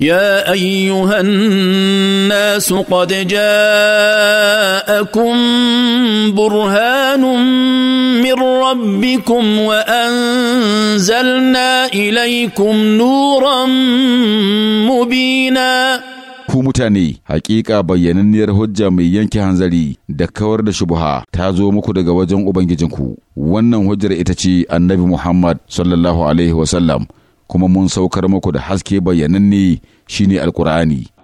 يا ايها الناس قد جاءكم برهان من ربكم وانزلنا اليكم نورا مبينا ku mutane hakika bayyananniyar hujja mai yanke hanzari da kawar da shubuha ta zo muku daga wajen ubangijinku wannan hujjar ita ce annabi muhammad sallallahu alaihi wasallam kuma mun saukar muku da haske bayyananne shine alkur'ani